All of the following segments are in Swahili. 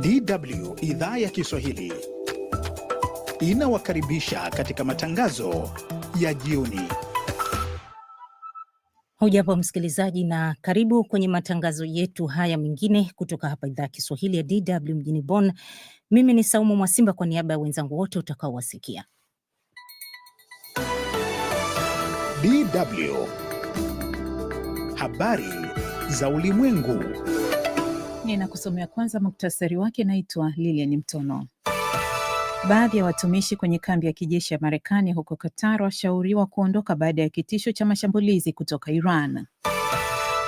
DW idhaa ya Kiswahili inawakaribisha katika matangazo ya jioni. Hujapo msikilizaji, na karibu kwenye matangazo yetu haya mengine kutoka hapa idhaa ya Kiswahili ya DW mjini Bonn. Mimi ni Saumu Mwasimba kwa niaba ya wenzangu wote utakaowasikia. DW habari za ulimwengu Ninakusomea kwanza muktasari wake. Naitwa Lilian Mtono. Baadhi ya watumishi kwenye kambi ya kijeshi ya Marekani huko Qatar washauriwa kuondoka baada ya kitisho cha mashambulizi kutoka Iran.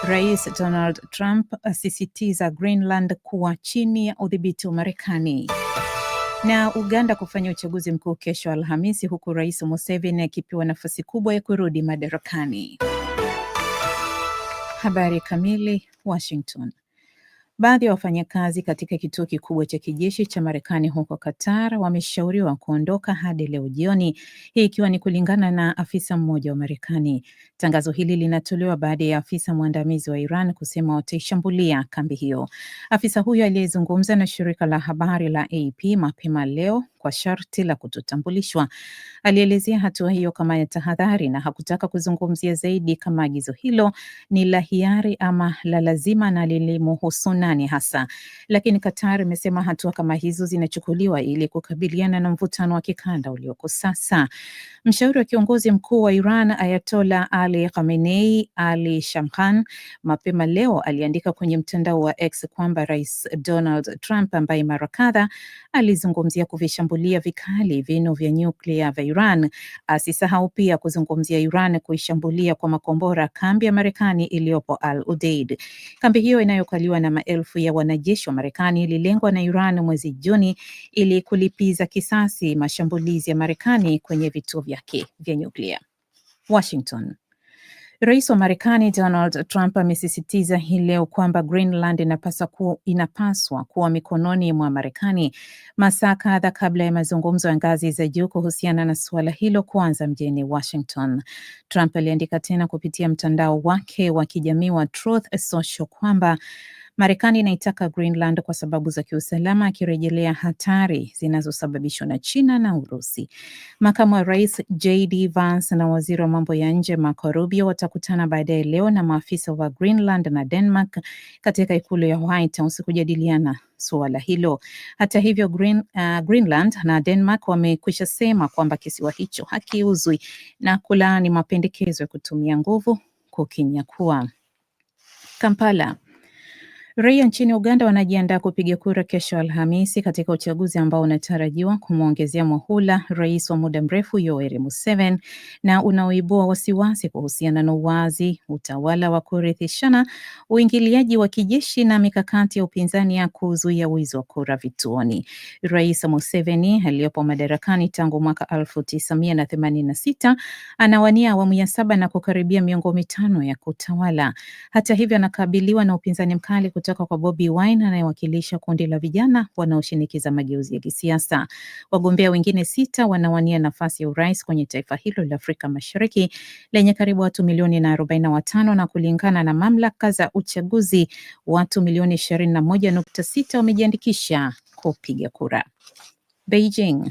Rais Donald Trump asisitiza Greenland kuwa chini ya udhibiti wa Marekani. Na Uganda kufanya uchaguzi mkuu kesho Alhamisi, huku Rais Museveni akipewa nafasi kubwa ya kurudi madarakani. Habari kamili, Washington. Baadhi ya wafanyakazi katika kituo kikubwa cha kijeshi cha Marekani huko Qatar wameshauriwa kuondoka hadi leo jioni, hii ikiwa ni kulingana na afisa mmoja wa Marekani. Tangazo hili linatolewa baada ya afisa mwandamizi wa Iran kusema wataishambulia kambi hiyo. Afisa huyo aliyezungumza na shirika la habari la AP mapema leo kwa sharti la kutotambulishwa. Alielezea hatua hiyo kama ya tahadhari na hakutaka kuzungumzia zaidi kama agizo hilo ni la hiari ama la lazima na lilimuhusunani nani hasa, lakini Qatar imesema hatua kama hizo zinachukuliwa ili kukabiliana na mvutano wa kikanda ulioko sasa. Mshauri wa kiongozi mkuu wa Iran Ayatola Ali Khamenei Ali Shamkhan mapema leo aliandika kwenye mtandao wa X kwamba Rais Donald Trump ambaye mara kadha alizungumzia kuvisha kushambulia vikali vinu vya nyuklia vya Iran. Asisahau pia kuzungumzia Iran kuishambulia kwa makombora kambi ya Marekani iliyopo Al Udeid. Kambi hiyo inayokaliwa na maelfu ya wanajeshi wa Marekani ililengwa na Iran mwezi Juni ili kulipiza kisasi mashambulizi ya Marekani kwenye vituo vyake vya nyuklia. Washington. Rais wa Marekani Donald Trump amesisitiza hii leo kwamba Greenland inapaswa kuwa, inapaswa kuwa mikononi mwa Marekani masaa kadha kabla ya mazungumzo ya ngazi za juu kuhusiana na suala hilo kuanza mjini Washington. Trump aliandika tena kupitia mtandao wake wa kijamii wa Truth Social kwamba Marekani inaitaka Greenland kwa sababu za kiusalama, akirejelea hatari zinazosababishwa na China na Urusi. Makamu wa rais JD Vance na waziri wa mambo ya nje Marco Rubio watakutana baadaye leo na maafisa wa Greenland na Denmark katika ikulu ya White House kujadiliana suala hilo. Hata hivyo Green, uh, Greenland na Denmark wamekwisha sema kwamba kisiwa hicho hakiuzwi na kulaani mapendekezo ya kutumia nguvu kukinyakua. Kampala. Raia nchini Uganda wanajiandaa kupiga kura kesho Alhamisi katika uchaguzi ambao unatarajiwa kumwongezea muhula rais wa muda mrefu Yoweri Museveni na unaoibua wasiwasi kuhusiana na uwazi, utawala wa kurithishana, uingiliaji wa kijeshi na mikakati ya upinzani ya kuzuia wizi wa kura vituoni. Rais Museveni aliyopo madarakani tangu mwaka elfu tisa mia na themanini na sita anawania awamu ya saba na kukaribia miongo mitano ya kutawala. Hata hivyo, anakabiliwa na upinzani mkali kutoka kwa Bobi Wine anayewakilisha kundi la vijana wanaoshinikiza mageuzi ya kisiasa. Wagombea wengine sita wanawania nafasi ya urais kwenye taifa hilo la Afrika Mashariki lenye karibu watu milioni na arobaini na watano na kulingana na mamlaka za uchaguzi watu milioni ishirini na moja nukta sita wamejiandikisha kupiga kura. Beijing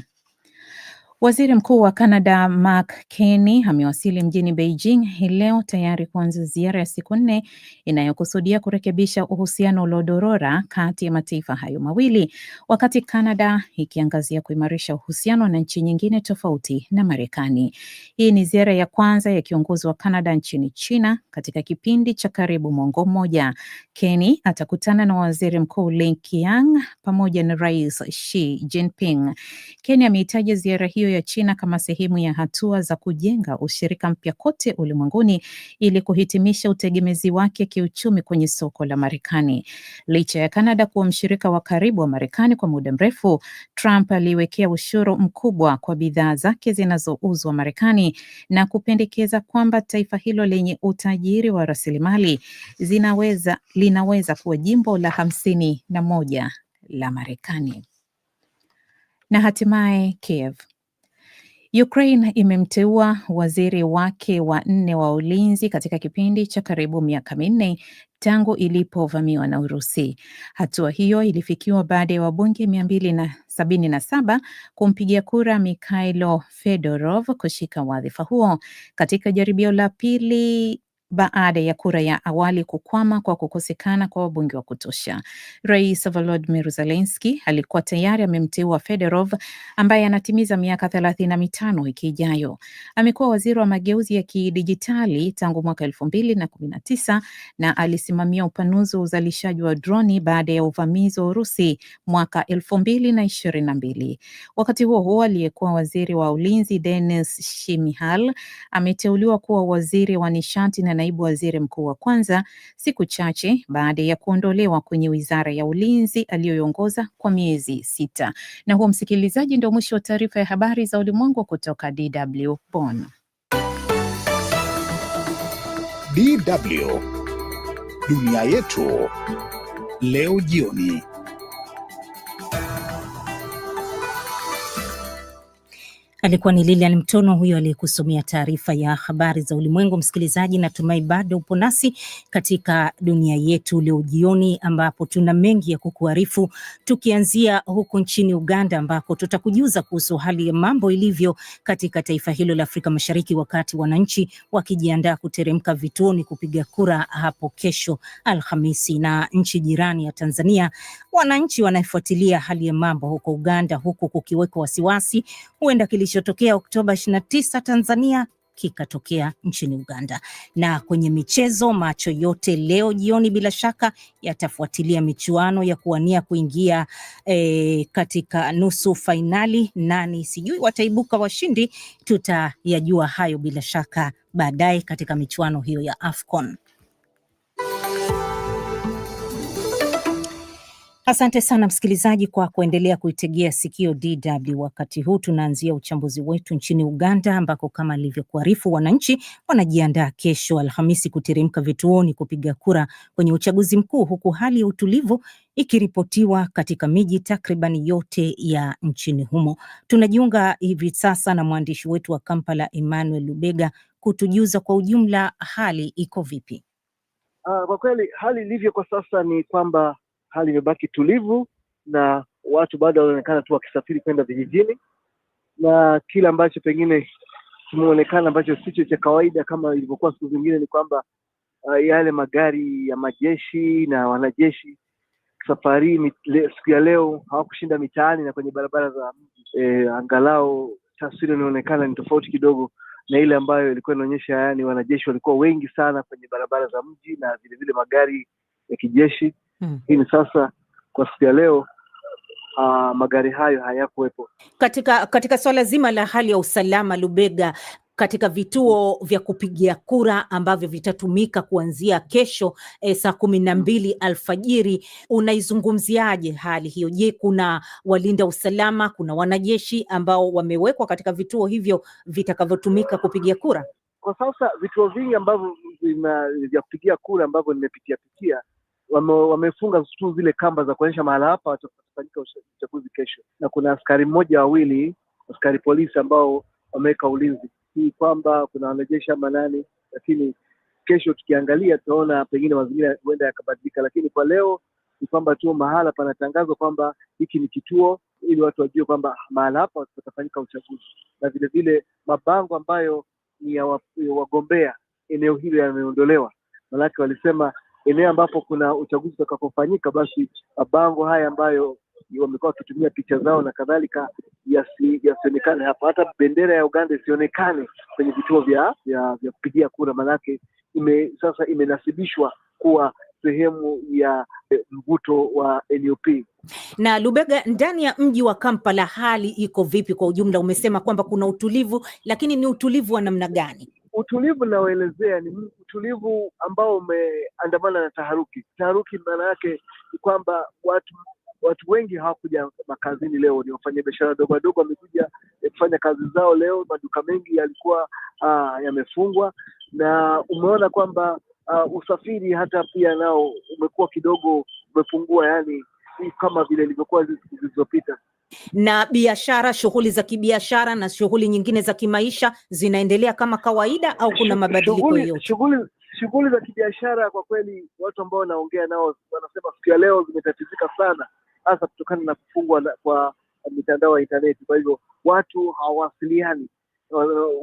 Waziri Mkuu wa Canada Mark Carney amewasili mjini Beijing hii leo tayari kuanza ziara ya siku nne inayokusudia kurekebisha uhusiano uliodorora kati ya mataifa hayo mawili, wakati Canada ikiangazia kuimarisha uhusiano na nchi nyingine tofauti na Marekani. Hii ni ziara ya kwanza ya kiongozi wa Canada nchini China katika kipindi cha karibu mwongo mmoja. Carney atakutana na Waziri Mkuu Li Qiang pamoja na Rais Xi Jinping. Carney ameitaja ziara hiyo mafanikio ya China kama sehemu ya hatua za kujenga ushirika mpya kote ulimwenguni ili kuhitimisha utegemezi wake kiuchumi kwenye soko la Marekani. Licha ya Kanada kuwa mshirika wa karibu wa Marekani kwa muda mrefu, Trump aliwekea ushuru mkubwa kwa bidhaa zake zinazouzwa Marekani na kupendekeza kwamba taifa hilo lenye utajiri wa rasilimali zinaweza linaweza kuwa jimbo la hamsini na moja la Marekani. Na hatimaye Kiev Ukraine imemteua waziri wake wa nne wa ulinzi katika kipindi cha karibu miaka minne tangu ilipovamiwa na Urusi. Hatua hiyo ilifikiwa baada ya wabunge mia mbili na sabini na saba kumpigia kura Mikhailo Fedorov kushika wadhifa huo katika jaribio la pili baada ya kura ya awali kukwama kwa kukosekana kwa wabunge wa kutosha. Rais Volodymyr Zelensky alikuwa tayari amemteua Fedorov ambaye anatimiza miaka thelathini na mitano wiki ijayo. Amekuwa waziri wa mageuzi ya kidijitali tangu mwaka elfu mbili na kumi na tisa na alisimamia upanuzi wa uzalishaji wa droni baada ya uvamizi wa Urusi mwaka elfu mbili na ishirini na mbili. Wakati huo huo, aliyekuwa waziri wa ulinzi Denis Shimihal ameteuliwa kuwa waziri wa nishati na naibu waziri mkuu wa kwanza siku chache baada ya kuondolewa kwenye wizara ya ulinzi aliyoiongoza kwa miezi sita. Na huo msikilizaji, ndio mwisho wa taarifa ya habari za ulimwengu kutoka DW Bonn. DW Dunia Yetu Leo Jioni. Alikuwa ni Lilian Mtono huyo aliyekusomea taarifa ya habari za ulimwengu. Msikilizaji, natumai bado upo nasi katika dunia yetu leo jioni, ambapo tuna mengi ya kukuarifu, tukianzia huko nchini Uganda ambako tutakujuza kuhusu hali ya mambo ilivyo katika taifa hilo la Afrika Mashariki, wakati wananchi wakijiandaa kuteremka vituoni kupiga kura hapo kesho Alhamisi. Na nchi jirani ya Tanzania, wananchi wanafuatilia hali ya mambo huko Uganda, huku kukiweko wasiwasi huenda kilichotokea Oktoba 29 Tanzania kikatokea nchini Uganda. Na kwenye michezo, macho yote leo jioni bila shaka yatafuatilia michuano ya kuwania kuingia e, katika nusu fainali. Nani sijui wataibuka washindi, tutayajua hayo bila shaka baadaye katika michuano hiyo ya AFCON. Asante sana msikilizaji kwa kuendelea kuitegea sikio DW. Wakati huu tunaanzia uchambuzi wetu nchini Uganda, ambako kama alivyokuarifu wananchi wanajiandaa kesho Alhamisi kuteremka vituoni kupiga kura kwenye uchaguzi mkuu, huku hali ya utulivu ikiripotiwa katika miji takriban yote ya nchini humo. Tunajiunga hivi sasa na mwandishi wetu wa Kampala, Emmanuel Lubega, kutujuza kwa ujumla hali iko vipi. Uh, kwa kweli hali ilivyo kwa sasa ni kwamba hali imebaki tulivu na watu bado wanaonekana tu wakisafiri kwenda vijijini, na kile ambacho pengine kimeonekana ambacho sicho cha kawaida kama ilivyokuwa siku zingine ni kwamba uh, yale magari ya majeshi na wanajeshi safari siku ya leo hawakushinda mitaani na kwenye barabara za mji eh, e, angalau taswira inaonekana ni tofauti kidogo na ile ambayo ilikuwa inaonyesha, yaani wanajeshi walikuwa wengi sana kwenye barabara za mji na vilevile magari ya kijeshi. Hmm. Lakini hmm, sasa kwa siku ya leo uh, magari hayo hayakuwepo. Katika katika swala zima la hali ya usalama Lubega, katika vituo vya kupigia kura ambavyo vitatumika kuanzia kesho eh, saa kumi na mbili alfajiri, unaizungumziaje hali hiyo? Je, kuna walinda usalama, kuna wanajeshi ambao wamewekwa katika vituo hivyo vitakavyotumika kupigia kura? Kwa sasa vituo vingi ambavyo vya kupigia kura ambavyo nimepitia wame, wamefunga tu zile kamba za kuonyesha mahala hapa watafanyika uchaguzi kesho, na kuna askari mmoja wawili, askari polisi ambao wameweka ulinzi, hii kwamba kuna wanajeshi ama nani, lakini kesho tukiangalia tutaona pengine mazingira huenda yakabadilika, lakini kwa leo ni kwamba tu mahala panatangazwa kwamba hiki ni kituo, ili watu wajue kwamba mahala hapa patafanyika uchaguzi, na vilevile mabango ambayo ni ya wagombea eneo hilo yameondolewa, manake walisema eneo ambapo kuna uchaguzi utakapofanyika, basi mabango haya ambayo wamekuwa wakitumia picha zao na kadhalika yasionekane hapa, hata bendera ya Uganda isionekane kwenye vituo vya vya, vya kupigia kura, maanake ime, sasa imenasibishwa kuwa sehemu ya eh, mvuto wa NUP. Na Lubega, ndani ya mji wa Kampala hali iko vipi kwa ujumla? Umesema kwamba kuna utulivu, lakini ni utulivu wa namna gani? utulivu naoelezea ni utulivu ambao umeandamana na taharuki. Taharuki maana yake ni kwamba watu watu wengi hawakuja makazini leo, ni wafanyabiashara dogo wadogo wamekuja e, kufanya kazi zao leo. Maduka mengi yalikuwa uh, yamefungwa, na umeona kwamba uh, usafiri hata pia nao umekuwa kidogo umepungua, yani kama vile ilivyokuwa zilizopita na biashara, shughuli za kibiashara na shughuli nyingine za kimaisha zinaendelea kama kawaida au kuna mabadiliko yoyote? Shughuli za kibiashara kwa kweli, watu ambao wanaongea nao wanasema siku ya leo zimetatizika sana, hasa kutokana na kufungwa kwa mitandao ya intaneti. Kwa hivyo watu hawawasiliani,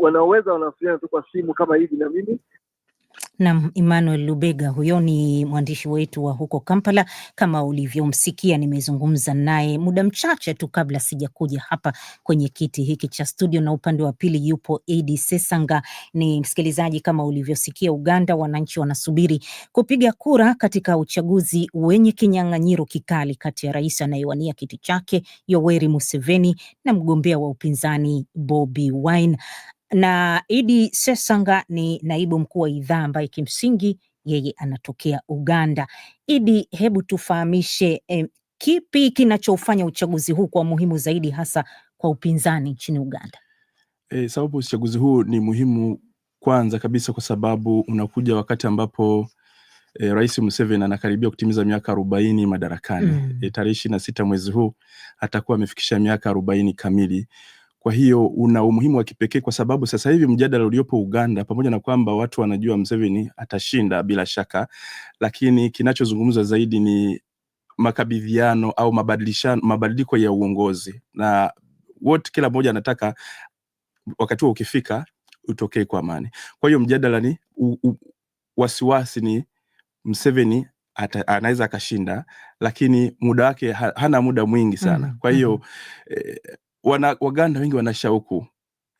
wanaoweza wanawasiliana tu kwa simu kama hivi na mimi Nam Emmanuel Lubega, huyo ni mwandishi wetu wa huko Kampala. Kama ulivyomsikia, nimezungumza naye muda mchache tu kabla sijakuja hapa kwenye kiti hiki cha studio, na upande wa pili yupo Edi Sesanga. Ni msikilizaji, kama ulivyosikia, Uganda wananchi wanasubiri kupiga kura katika uchaguzi wenye kinyang'anyiro kikali kati ya rais anayewania kiti chake Yoweri Museveni na mgombea wa upinzani Bobi Wine na Idi Sesanga ni naibu mkuu wa idhaa ambaye kimsingi yeye anatokea Uganda. Idi, hebu tufahamishe eh, kipi kinachofanya uchaguzi huu kwa muhimu zaidi hasa kwa upinzani nchini Uganda? E, sababu uchaguzi huu ni muhimu kwanza kabisa kwa sababu unakuja wakati ambapo E, Rais Museveni anakaribia kutimiza miaka arobaini madarakani. Mm. E, tarehe ishirini na sita mwezi huu atakuwa amefikisha miaka arobaini kamili. Kwa hiyo una umuhimu wa kipekee kwa sababu sasa hivi mjadala uliopo Uganda, pamoja na kwamba watu wanajua Museveni atashinda bila shaka, lakini kinachozungumzwa zaidi ni makabidhiano au mabadilishano, mabadiliko ya uongozi na wote, kila mmoja anataka wakati huo ukifika utokee kwa amani. Kwa hiyo mjadala ni u, u, wasiwasi ni Museveni anaweza akashinda, lakini muda wake ha, hana muda mwingi sana. Mm-hmm. Kwa hiyo mm-hmm. eh, wana, Waganda wengi wana shauku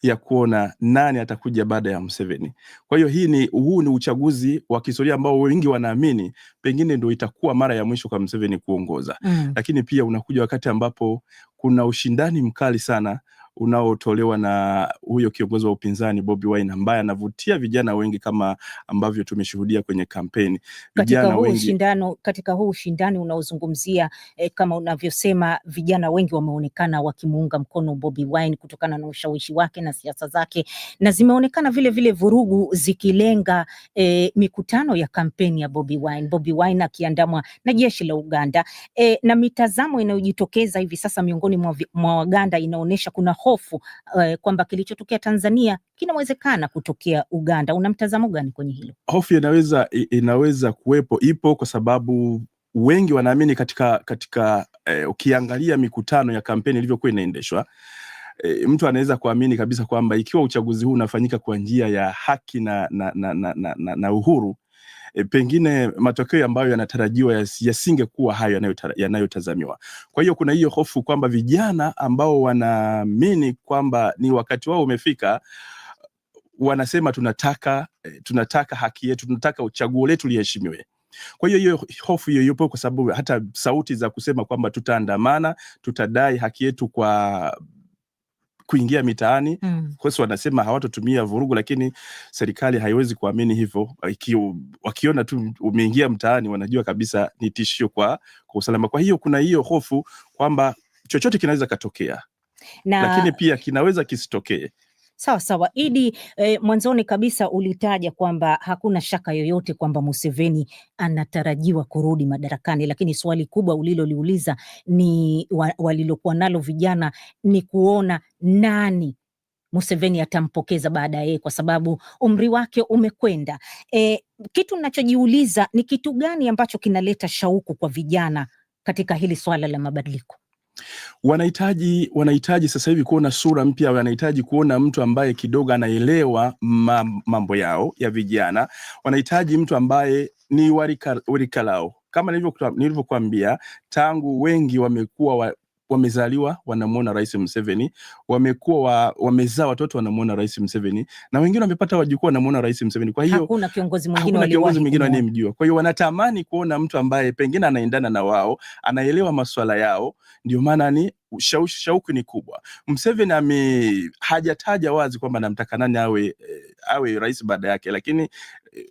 ya kuona nani atakuja baada ya Museveni. Kwa hiyo hii ni huu ni uchaguzi wa kihistoria ambao wengi wanaamini pengine ndio itakuwa mara ya mwisho kwa Museveni kuongoza. Mm. Lakini pia unakuja wakati ambapo kuna ushindani mkali sana unaotolewa na huyo kiongozi wa upinzani Bobi Wine ambaye anavutia vijana wengi kama ambavyo tumeshuhudia kwenye kampeni. Katika huu shindano, katika huu ushindani unaozungumzia eh, kama unavyosema vijana wengi wameonekana wakimuunga mkono Bobi Wine kutokana na ushawishi wake na siasa zake, na zimeonekana vile vile vurugu zikilenga eh, mikutano ya kampeni ya Bobi Wine, Bobi Wine akiandamwa na jeshi la Uganda eh, na mitazamo inayojitokeza hivi sasa miongoni mwa Waganda inaonyesha kuna hofu eh, kwamba kilichotokea Tanzania kinawezekana kutokea Uganda. Una mtazamo gani kwenye hilo? Hofu inaweza inaweza kuwepo, ipo kwa sababu wengi wanaamini katika katika eh, ukiangalia mikutano ya kampeni ilivyokuwa inaendeshwa E, mtu anaweza kuamini kabisa kwamba ikiwa uchaguzi huu unafanyika kwa njia ya haki na, na, na, na, na, na uhuru e, pengine matokeo ambayo yanatarajiwa yasingekuwa hayo yanayotazamiwa. Kwa hiyo kuna hiyo hofu kwamba vijana ambao wanaamini kwamba ni wakati wao umefika wanasema tunataka e, tunataka haki yetu, tunataka uchaguo letu liheshimiwe. Kwa hiyo hiyo hofu hiyo yupo, kwa sababu hata sauti za kusema kwamba tutaandamana, tutadai haki yetu kwa kuingia mitaani mm. Kwesi wanasema hawatotumia vurugu, lakini serikali haiwezi kuamini hivyo. Wakiona tu umeingia mtaani, wanajua kabisa ni tishio kwa, kwa usalama. Kwa hiyo kuna hiyo hofu kwamba chochote kinaweza katokea na... lakini pia kinaweza kisitokee. Sawa sawa, Idi, E, mwanzoni kabisa ulitaja kwamba hakuna shaka yoyote kwamba Museveni anatarajiwa kurudi madarakani, lakini swali kubwa uliloliuliza ni wa, walilokuwa nalo vijana ni kuona nani Museveni atampokeza baada yeye kwa sababu umri wake umekwenda. E, kitu ninachojiuliza ni kitu gani ambacho kinaleta shauku kwa vijana katika hili swala la mabadiliko? wanahitaji wanahitaji sasa hivi kuona sura mpya, wanahitaji kuona mtu ambaye kidogo anaelewa mambo yao ya vijana, wanahitaji mtu ambaye ni warika, warika lao kama nilivyokuambia tangu wengi wamekuwa wamezaliwa wanamwona Rais Museveni, wamekuwa wa, wamezaa watoto wanamwona Rais Museveni, na wengine wamepata wajukuu wanamwona Rais Museveni. Kwa hiyo hakuna kiongozi mwingine wanayemjua. Kwa hiyo wanatamani kuona mtu ambaye pengine anaendana na wao, anaelewa maswala yao, ndio maana ni shauku shau ni kubwa. Museveni ame hajataja wazi kwamba anamtaka nani awe eh, awe rais baada yake, lakini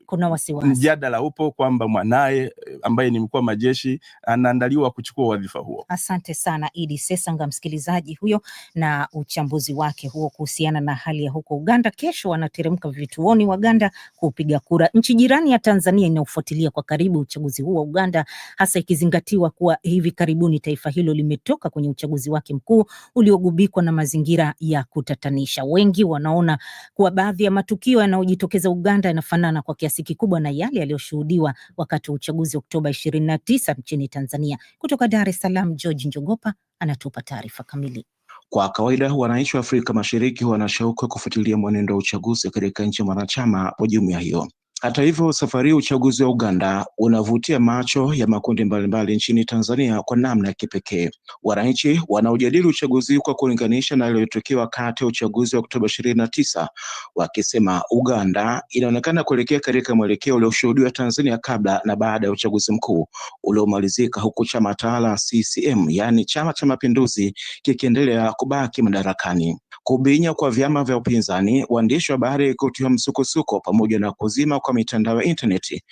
kuna wasiwasi, mjadala upo kwamba mwanaye eh, ambaye ni mkuu wa majeshi anaandaliwa kuchukua wadhifa huo. Asante sana Idi Sesanga, msikilizaji huyo na uchambuzi wake huo kuhusiana na hali ya huko Uganda. Kesho wanateremka vituoni Waganda kupiga kura. Nchi jirani ya Tanzania inaofuatilia kwa karibu uchaguzi huu wa Uganda, hasa ikizingatiwa kuwa hivi karibuni taifa hilo limetoka kwenye uchaguzi wake mkuu uliogubikwa na mazingira ya kutatanisha. Wengi wanaona kuwa baadhi ya matukio yanayojitokeza Uganda yanafanana kwa kwa kiasi kikubwa na yale yaliyoshuhudiwa wakati wa uchaguzi Oktoba 29 nchini Tanzania. Kutoka Dar es Salaam, George Njogopa anatupa taarifa kamili. Kwa kawaida wananchi wa Afrika Mashariki wana shauku ya kufuatilia mwenendo wa uchaguzi katika nchi wanachama wa jumuiya hiyo. Hata hivyo, safari uchaguzi wa Uganda unavutia macho ya makundi mbalimbali mbali nchini Tanzania kwa namna ya kipekee. Wananchi wanaojadili uchaguzi kwa kulinganisha na yaliyotokea wakati wa uchaguzi wa Oktoba ishirini na tisa, wakisema Uganda inaonekana kuelekea katika mwelekeo ulioshuhudiwa Tanzania kabla na baada ya uchaguzi mkuu uliomalizika, huku chama tawala CCM, yaani Chama cha Mapinduzi, kikiendelea kubaki madarakani kubinya kwa vyama vya upinzani, waandishi wa habari kutiwa msukosuko, pamoja na kuzima kwa mitandao ya intaneti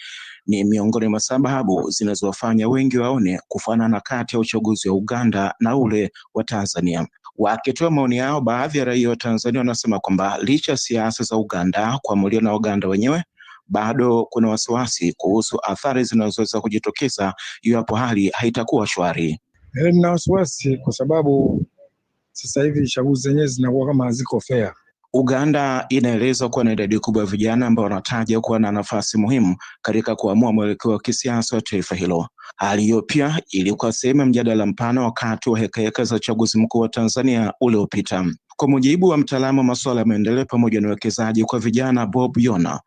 ni miongoni mwa sababu zinazowafanya wengi waone kufanana kati ya uchaguzi wa Uganda na ule wa Tanzania. Wakitoa maoni yao, baadhi ya raia wa Tanzania wanasema kwamba licha ya siasa za Uganda kuamuliwa na Waganda wenyewe bado kuna wasiwasi kuhusu athari zinazoweza kujitokeza iwapo hali haitakuwa shwari. Nina wasiwasi kwa sababu sasa hivi chaguzi zenyewe zinakuwa kama haziko fair. Uganda inaelezwa kuwa na idadi kubwa ya vijana ambao wanataja kuwa na nafasi muhimu katika kuamua mwelekeo wa kisiasa wa taifa hilo. Hali hiyo pia ilikuwa sehemu ya mjadala mpana wakati wa hekaheka za uchaguzi mkuu wa Tanzania uliopita. Kwa mujibu wa mtaalamu wa masuala ya maendeleo pamoja na uwekezaji kwa vijana Bob Yona,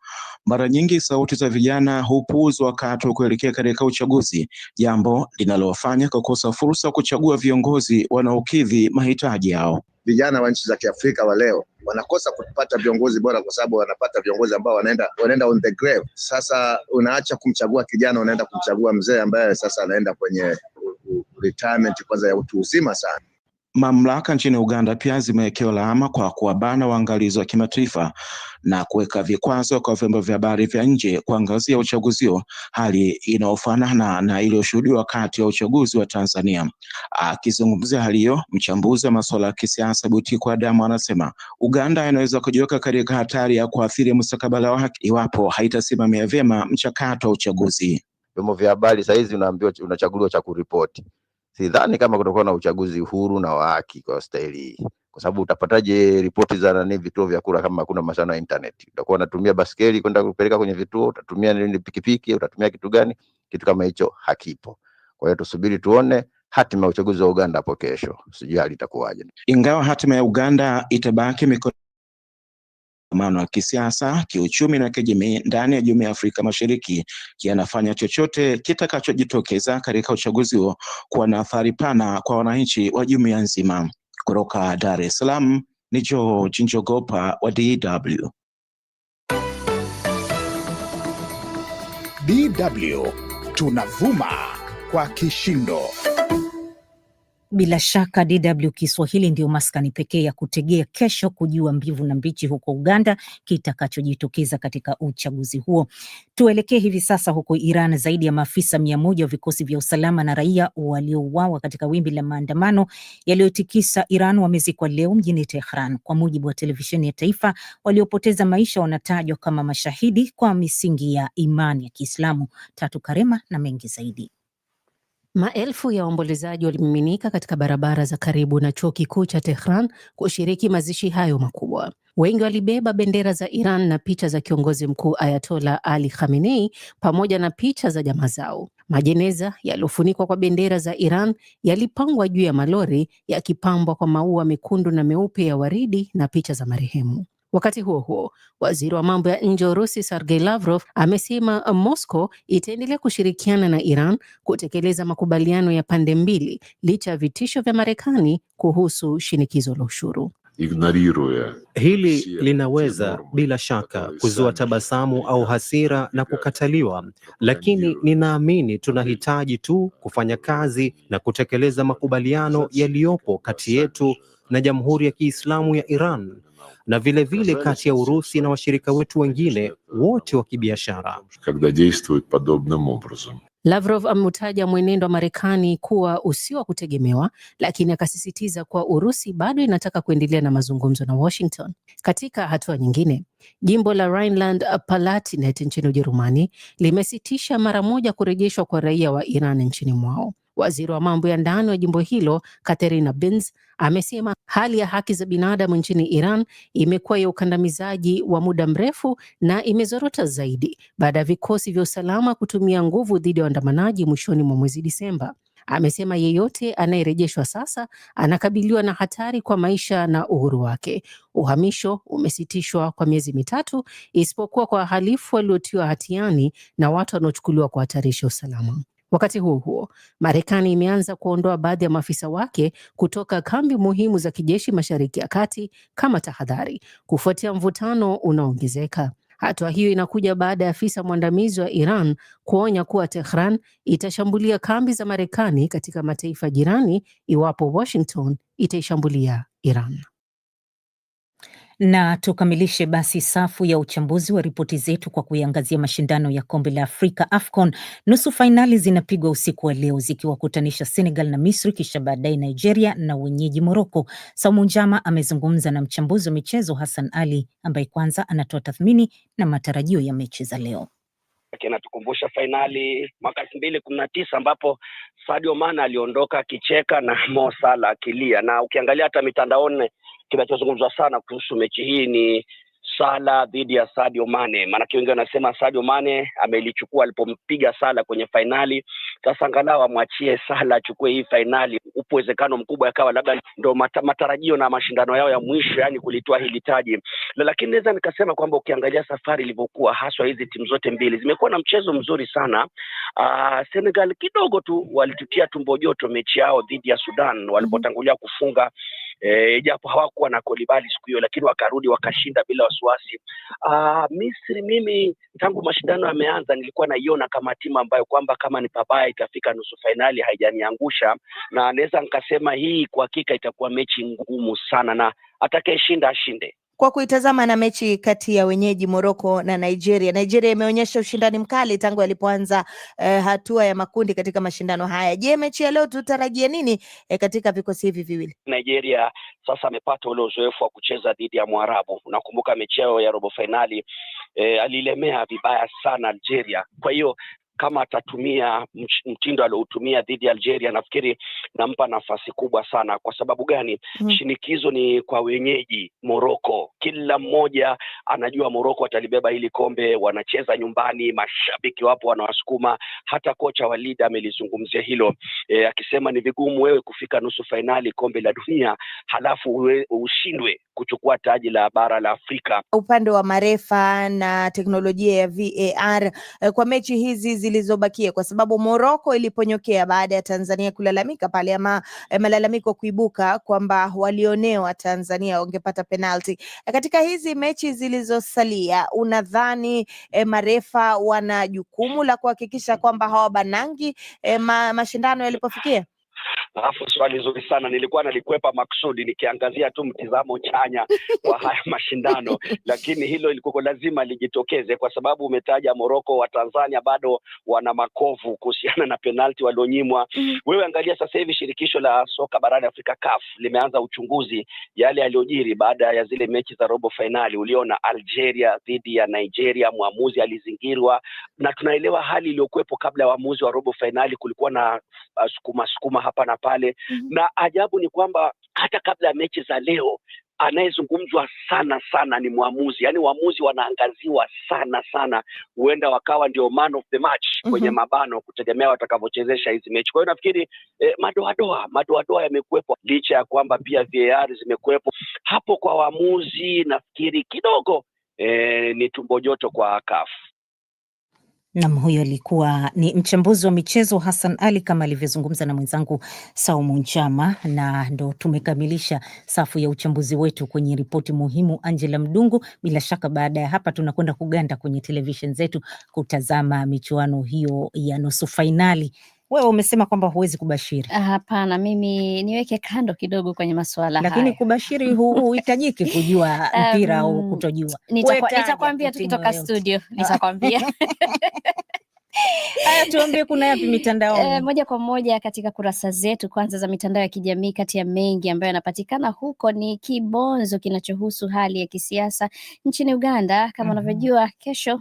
mara nyingi sauti za vijana hupuuzwa wakati wa kuelekea katika uchaguzi, jambo linalowafanya kukosa fursa kuchagua viongozi wanaokidhi mahitaji yao. Vijana wa nchi za Kiafrika wa leo wanakosa kupata viongozi bora kwa sababu wanapata viongozi ambao wanaenda wanaenda on the grave. Sasa unaacha kumchagua kijana, unaenda kumchagua mzee ambaye sasa anaenda kwenye retirement kwanza ya utu uzima sana. Mamlaka nchini Uganda pia zimewekewa lawama kwa kuwabana waangalizi wa kimataifa na kuweka vikwazo kwa vyombo vya habari vya nje kuangazia uchaguzi huo, hali inayofanana na iliyoshuhudiwa kati ya uchaguzi wa Tanzania. Akizungumzia hali hiyo, mchambuzi wa masuala ya kisiasa Butiku Adamu anasema Uganda inaweza kujiweka katika hatari ya kuathiri mustakabala wake iwapo haitasimamia vyema mchakato wa uchaguzi. Vyombo vya habari saa hizi unaambiwa unachaguliwa cha kuripoti sidhani kama kutakuwa na uchaguzi huru na wa haki kwa staili hii, kwa sababu utapataje ripoti za nani vituo vya kura kama hakuna mashano ya internet? Utakuwa unatumia baskeli kwenda kupeleka kwenye vituo, utatumia nini, pikipiki, utatumia kitu gani? Kitu kama hicho hakipo. Kwa hiyo tusubiri tuone hatima ya uchaguzi wa Uganda hapo kesho, sijui hali itakuwaje, ingawa hatima ya Uganda itabaki mikono mafungamano ya kisiasa, kiuchumi na kijamii ndani ya Jumuiya ya Afrika Mashariki yanafanya chochote kitakachojitokeza katika uchaguzi huo kuwa na athari pana kwa wananchi wa jumuiya nzima. Kutoka Dar es Salaam ni George Njogopa wa DW. DW tunavuma kwa kishindo. Bila shaka DW Kiswahili ndiyo maskani pekee ya kutegea kesho kujua mbivu na mbichi huko Uganda kitakachojitokeza katika uchaguzi huo. Tuelekee hivi sasa huko Iran. Zaidi ya maafisa mia moja wa vikosi vya usalama na raia waliouawa katika wimbi la maandamano yaliyotikisa Iran wamezikwa leo mjini Tehran. Kwa mujibu wa televisheni ya taifa, waliopoteza maisha wanatajwa kama mashahidi kwa misingi ya imani ya Kiislamu. Tatu Karema na mengi zaidi Maelfu ya waombolezaji walimiminika katika barabara za karibu na chuo kikuu cha Tehran kushiriki mazishi hayo makubwa. Wengi walibeba bendera za Iran na picha za kiongozi mkuu ayatola Ali Khamenei pamoja na picha za jamaa zao. Majeneza yaliyofunikwa kwa bendera za Iran yalipangwa juu ya malori yakipambwa kwa maua mekundu na meupe ya waridi na picha za marehemu. Wakati huo huo, waziri wa mambo ya nje wa Urusi Sergei Lavrov amesema Moscow itaendelea kushirikiana na Iran kutekeleza makubaliano ya pande mbili licha ya vitisho vya Marekani kuhusu shinikizo la ushuru. Hili linaweza bila shaka kuzua tabasamu au hasira na kukataliwa, lakini ninaamini tunahitaji tu kufanya kazi na kutekeleza makubaliano yaliyopo kati yetu na Jamhuri ya Kiislamu ya Iran na vilevile vile kati ya Urusi na washirika wetu wengine wote wa kibiashara. Lavrov ameutaja mwenendo wa Marekani kuwa usio wa kutegemewa, lakini akasisitiza kuwa Urusi bado inataka kuendelea na mazungumzo na Washington. Katika hatua nyingine, jimbo la Rhineland Palatinate nchini Ujerumani limesitisha mara moja kurejeshwa kwa raia wa Iran nchini mwao. Waziri wa mambo ya ndani wa jimbo hilo Katerina Binz amesema hali ya haki za binadamu nchini Iran imekuwa ya ukandamizaji wa muda mrefu na imezorota zaidi baada ya vikosi vya usalama kutumia nguvu dhidi ya waandamanaji mwishoni mwa mwezi Disemba. Amesema yeyote anayerejeshwa sasa anakabiliwa na hatari kwa maisha na uhuru wake. Uhamisho umesitishwa kwa miezi mitatu, isipokuwa kwa wahalifu waliotiwa hatiani na watu wanaochukuliwa kuhatarisha usalama. Wakati huo huo, Marekani imeanza kuondoa baadhi ya maafisa wake kutoka kambi muhimu za kijeshi Mashariki ya Kati kama tahadhari, kufuatia mvutano unaoongezeka. Hatua hiyo inakuja baada ya afisa mwandamizi wa Iran kuonya kuwa Tehran itashambulia kambi za Marekani katika mataifa jirani iwapo Washington itaishambulia Iran. Na tukamilishe basi safu ya uchambuzi wa ripoti zetu kwa kuiangazia mashindano ya kombe la Afrika AFCON. Nusu fainali zinapigwa usiku wa leo zikiwakutanisha Senegal na Misri, kisha baadaye Nigeria na wenyeji Moroko. Saumu Njama amezungumza na mchambuzi wa michezo Hassan Ali ambaye kwanza anatoa tathmini na matarajio ya mechi za leo. Inatukumbusha fainali mwaka elfu mbili kumi na tisa ambapo Sadio Mane aliondoka akicheka na Mo Salah akilia, na ukiangalia hata mitandaoni kinachozungumzwa sana kuhusu mechi hii ni Sala dhidi ya Sadio Mane, maanake wengi wanasema Sadio Mane amelichukua alipompiga Sala kwenye fainali. Sasa angalau amwachie Sala achukue hii fainali, upo uwezekano mkubwa yakawa labda ndo mata, matarajio na mashindano yao ya mwisho, yani kulitoa hili taji. Lakini naweza nikasema kwamba ukiangalia safari ilivyokuwa, haswa hizi timu zote mbili zimekuwa na mchezo mzuri sana. Aa, ah, Senegal kidogo tu walitutia tumbo joto mechi yao dhidi ya Sudan walipotangulia kufunga e, japo hawakuwa na kolibali siku hiyo, lakini wakarudi wakashinda bila wasiwasi. Ah, Misri mimi tangu mashindano yameanza nilikuwa naiona kama timu ambayo kwamba kama ni pabaya itafika nusu fainali, haijaniangusha na naweza nikasema hii kwa hakika itakuwa mechi ngumu sana, na atakayeshinda ashinde kwa kuitazama na mechi kati ya wenyeji Morocco na Nigeria. Nigeria imeonyesha ushindani mkali tangu alipoanza eh, hatua ya makundi katika mashindano haya. Je, mechi ya leo tutarajie nini eh, katika vikosi hivi viwili? Nigeria sasa amepata ule uzoefu wa kucheza dhidi ya Mwarabu. Unakumbuka mechi yao ya robo fainali eh, alilemea vibaya sana Algeria. Kwa hiyo kama atatumia mtindo alioutumia dhidi ya Algeria, nafikiri nampa nafasi kubwa sana. Kwa sababu gani? mm. Shinikizo ni kwa wenyeji Morocco, kila mmoja anajua Moroko atalibeba hili kombe, wanacheza nyumbani, mashabiki wapo wanawasukuma. Hata kocha wa Lida amelizungumzia hilo e, akisema ni vigumu wewe kufika nusu fainali kombe la dunia halafu ushindwe kuchukua taji la bara la Afrika. Upande wa marefa na teknolojia ya VAR eh, kwa mechi hizi zilizobakia, kwa sababu Moroko iliponyokea baada ya Tanzania kulalamika pale ama eh, malalamiko kuibuka kwamba walionewa Tanzania wangepata penalti katika hizi mechi zili zilizosalia, unadhani e, marefa wana jukumu la kuhakikisha kwamba hawabanangi e, eh, ma, mashindano yalipofikia? Alafu swali zuri sana, nilikuwa nalikwepa maksudi nikiangazia tu mtizamo chanya wa haya mashindano, lakini hilo ilikuwa lazima lijitokeze, kwa sababu umetaja Moroko wa Tanzania bado wana makovu kuhusiana na penalti walionyimwa. Mm. Wewe angalia sasa hivi shirikisho la soka barani Afrika kaf limeanza uchunguzi yale yaliyojiri baada ya zile mechi za robo fainali. Uliona Algeria dhidi ya Nigeria, mwamuzi alizingirwa, na tunaelewa hali iliyokuwepo kabla ya wamuzi wa robo fainali, kulikuwa na uh, sukuma sukuma hapa na pale mm -hmm. na ajabu ni kwamba hata kabla ya mechi za leo anayezungumzwa sana sana ni mwamuzi, yaani waamuzi wanaangaziwa sana sana, huenda wakawa ndio man of the match mm -hmm. kwenye mhm. mabano, kutegemea watakavyochezesha hizi mechi. Kwa hiyo nafikiri eh, madoadoa madoadoa yamekuwepo, licha ya kwamba pia VAR zimekuwepo hapo kwa waamuzi, nafikiri kidogo eh, ni tumbo joto kwa kafu Nam, huyo alikuwa ni mchambuzi wa michezo Hassan Ali kama alivyozungumza na mwenzangu Saumu Njama, na ndo tumekamilisha safu ya uchambuzi wetu kwenye ripoti muhimu. Angela Mdungu, bila shaka baada ya hapa tunakwenda kuganda kwenye televishen zetu kutazama michuano hiyo ya nusu fainali wewe umesema kwamba huwezi kubashiri. Ah, hapana, mimi niweke kando kidogo kwenye masuala haya, kubashiri huhitajiki kujua mpira au um, kutojua. Nitakwambia tukitoka studio nitakwambia. Haya, tuambie kuna yapi mitandao E, eh, moja kwa moja katika kurasa zetu kwanza za mitandao ya kijamii. Kati ya mengi ambayo yanapatikana huko ni kibonzo kinachohusu hali ya kisiasa nchini Uganda. Kama mhm. unavyojua mm -hmm. kesho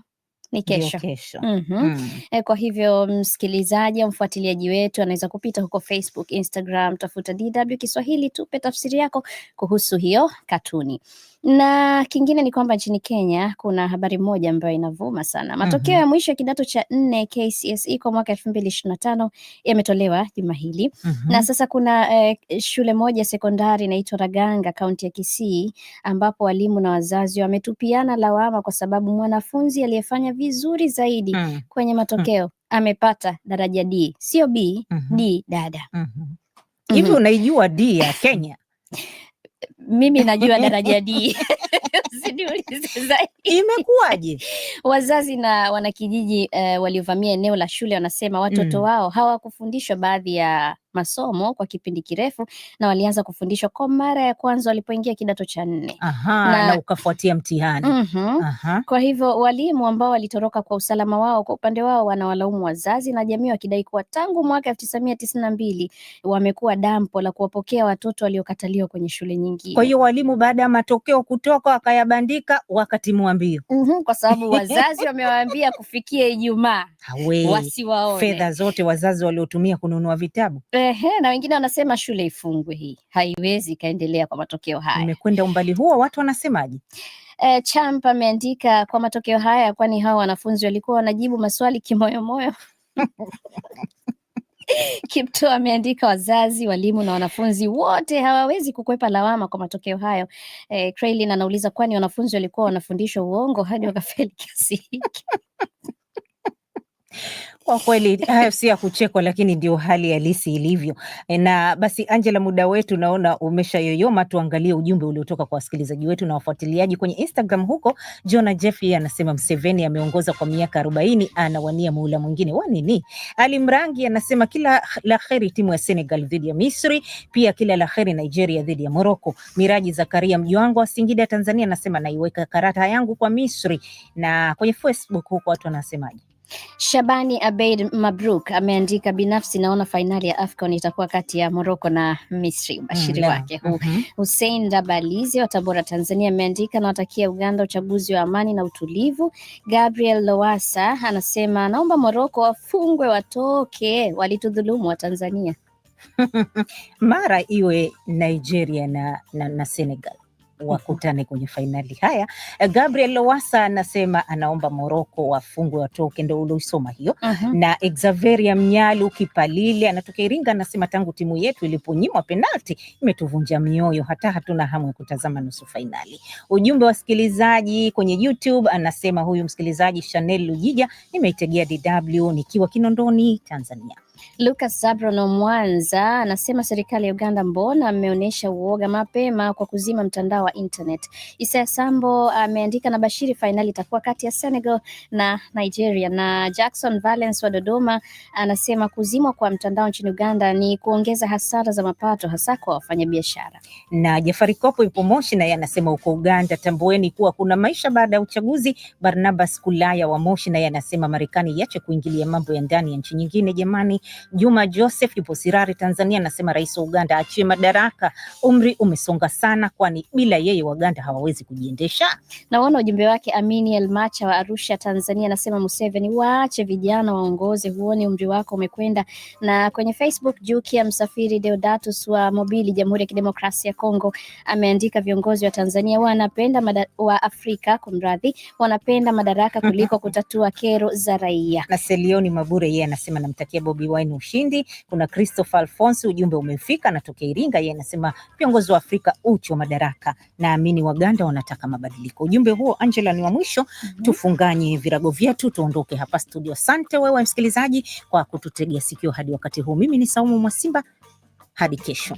ni kesho, kesho. Mhm. Mm -hmm. Mm. E, kwa hivyo msikilizaji au mfuatiliaji wetu anaweza kupita huko Facebook, Instagram, tafuta DW Kiswahili, tupe tafsiri yako kuhusu hiyo katuni. Na kingine ni kwamba nchini Kenya kuna habari moja ambayo inavuma sana. Matokeo mm -hmm. ya mwisho ya kidato cha nne KCSE kwa mwaka elfu mbili ishirini na tano yametolewa juma hili mm -hmm. na sasa kuna eh, shule moja sekondari inaitwa Raganga, kaunti ya Kisii, ambapo walimu na wazazi wametupiana lawama kwa sababu mwanafunzi aliyefanya vizuri zaidi mm -hmm. kwenye hmm. matokeo mm -hmm. amepata daraja D, sio B, mm -hmm. D dada. mm -hmm. Hivi unaijua D ya Kenya? mimi najua daraja D usiniulize zaidi. Imekuwaje? wazazi na wanakijiji uh, waliovamia eneo la shule wanasema watoto mm. wao hawakufundishwa baadhi ya masomo kwa kipindi kirefu na walianza kufundishwa kwa mara ya kwanza walipoingia kidato cha nne na, na ukafuatia mtihani. mm -hmm. Aha. Kwa hivyo walimu ambao walitoroka kwa usalama wao, kwa upande wao wanawalaumu wazazi na jamii wakidai kuwa tangu mwaka elfu tisa mia tisini na mbili wamekuwa dampo la kuwapokea watoto waliokataliwa kwenye shule nyingine. Kwa hiyo walimu baada ya matokeo kutoka wakayabandika wakatimua mbio. mm -hmm. Kwa sababu wazazi wamewaambia kufikia Ijumaa wasiwaone fedha zote wazazi waliotumia kununua vitabu E, Ehe, na wengine wanasema shule ifungwe, hii haiwezi ikaendelea kwa matokeo haya. Imekwenda umbali huo, watu wanasemaje? E, Champ ameandika kwa matokeo haya, kwani hawa wanafunzi walikuwa wanajibu maswali kimoyomoyo. Kipto ameandika wazazi, walimu na wanafunzi wote hawawezi kukwepa lawama kwa matokeo hayo. E, Kraylin anauliza kwani wanafunzi walikuwa wanafundishwa uongo hadi wakafeli kiasi hiki? Kwa kweli hayo si ya kuchekwa, lakini ndio hali halisi ilivyo. E, na basi, Angela, muda wetu naona umeshayoyoma, tuangalie ujumbe uliotoka kwa wasikilizaji wetu na wafuatiliaji kwenye Instagram. Huko Jona Jeffy anasema Mseveni ameongoza kwa miaka arobaini, anawania muhula mwingine wa nini? Ali Mrangi anasema kila la heri timu ya Senegal dhidi ya Misri, pia kila la heri Nigeria dhidi ya Moroko. Miraji Zakaria Mjwango wa Singida, Tanzania anasema naiweka karata yangu kwa Misri. Na kwenye Facebook huko watu wanasemaje? Shabani Abeid Mabruk ameandika binafsi, naona fainali ya AFCON itakuwa kati ya moroko na Misri, ubashiri mm, wake huu. mm -hmm. Hussein Dabalizi wa Tabora, Tanzania ameandika, nawatakia Uganda uchaguzi wa amani na utulivu. Gabriel Lowasa anasema, naomba moroko wafungwe, watoke, walitudhulumu wa Tanzania mara iwe Nigeria na, na, na Senegal wakutane kwenye fainali. Haya, eh, Gabriel Lowasa anasema anaomba Moroko wafungwe watoke, ndo ulioisoma hiyo. uh -huh. na Exaveria Mnyalu Kipalile anatoka Iringa, anasema tangu timu yetu iliponyimwa penalti imetuvunja mioyo, hata hatuna hamu ya kutazama nusu fainali. Ujumbe wa wasikilizaji kwenye YouTube anasema huyu msikilizaji Chanel Lujija, nimeitegea DW nikiwa Kinondoni, Tanzania. Lucas Zabrono Mwanza anasema serikali ya Uganda, mbona ameonyesha uoga mapema kwa kuzima mtandao wa internet. Isaya Sambo ameandika na bashiri fainali itakuwa kati ya Senegal na Nigeria. Na Jackson Valence wa Dodoma anasema kuzimwa kwa mtandao nchini Uganda ni kuongeza hasara za mapato hasa kwa wafanyabiashara. Na Jafari Kopo yupo Moshi, naye anasema huko Uganda tambueni kuwa kuna maisha baada ya uchaguzi. Barnabas Kulaya wa Moshi naye anasema Marekani iache kuingilia mambo ya ndani ya nchi nyingine jamani. Juma Joseph yupo Sirari, Tanzania, anasema rais wa Uganda achie madaraka, umri umesonga sana, kwani bila yeye Waganda hawawezi kujiendesha. Naona ujumbe wake. Amini Elmacha wa Arusha, Tanzania, anasema Museveni waache vijana waongoze, huoni umri wako umekwenda. Na kwenye Facebook Jukia Msafiri Deodatus wa Mobili, Jamhuri ya Kidemokrasia ya Kongo, ameandika viongozi wa Tanzania wanapenda mada, wa Afrika kumradhi, wanapenda madaraka kuliko kutatua kero za raia. Na Selioni Mabure yeye anasema namtakia Bobi Tuliwaini ushindi. Kuna Christopher alfonsi ujumbe umefika, anatokea Iringa, yeye anasema viongozi wa Afrika uchi wa madaraka, naamini Waganda wanataka mabadiliko. Ujumbe huo Angela ni wa mwisho. mm -hmm. Tufunganye virago vyetu tuondoke hapa studio. Asante wewe msikilizaji kwa kututegea sikio hadi wakati huu. Mimi ni Saumu Mwasimba, hadi kesho.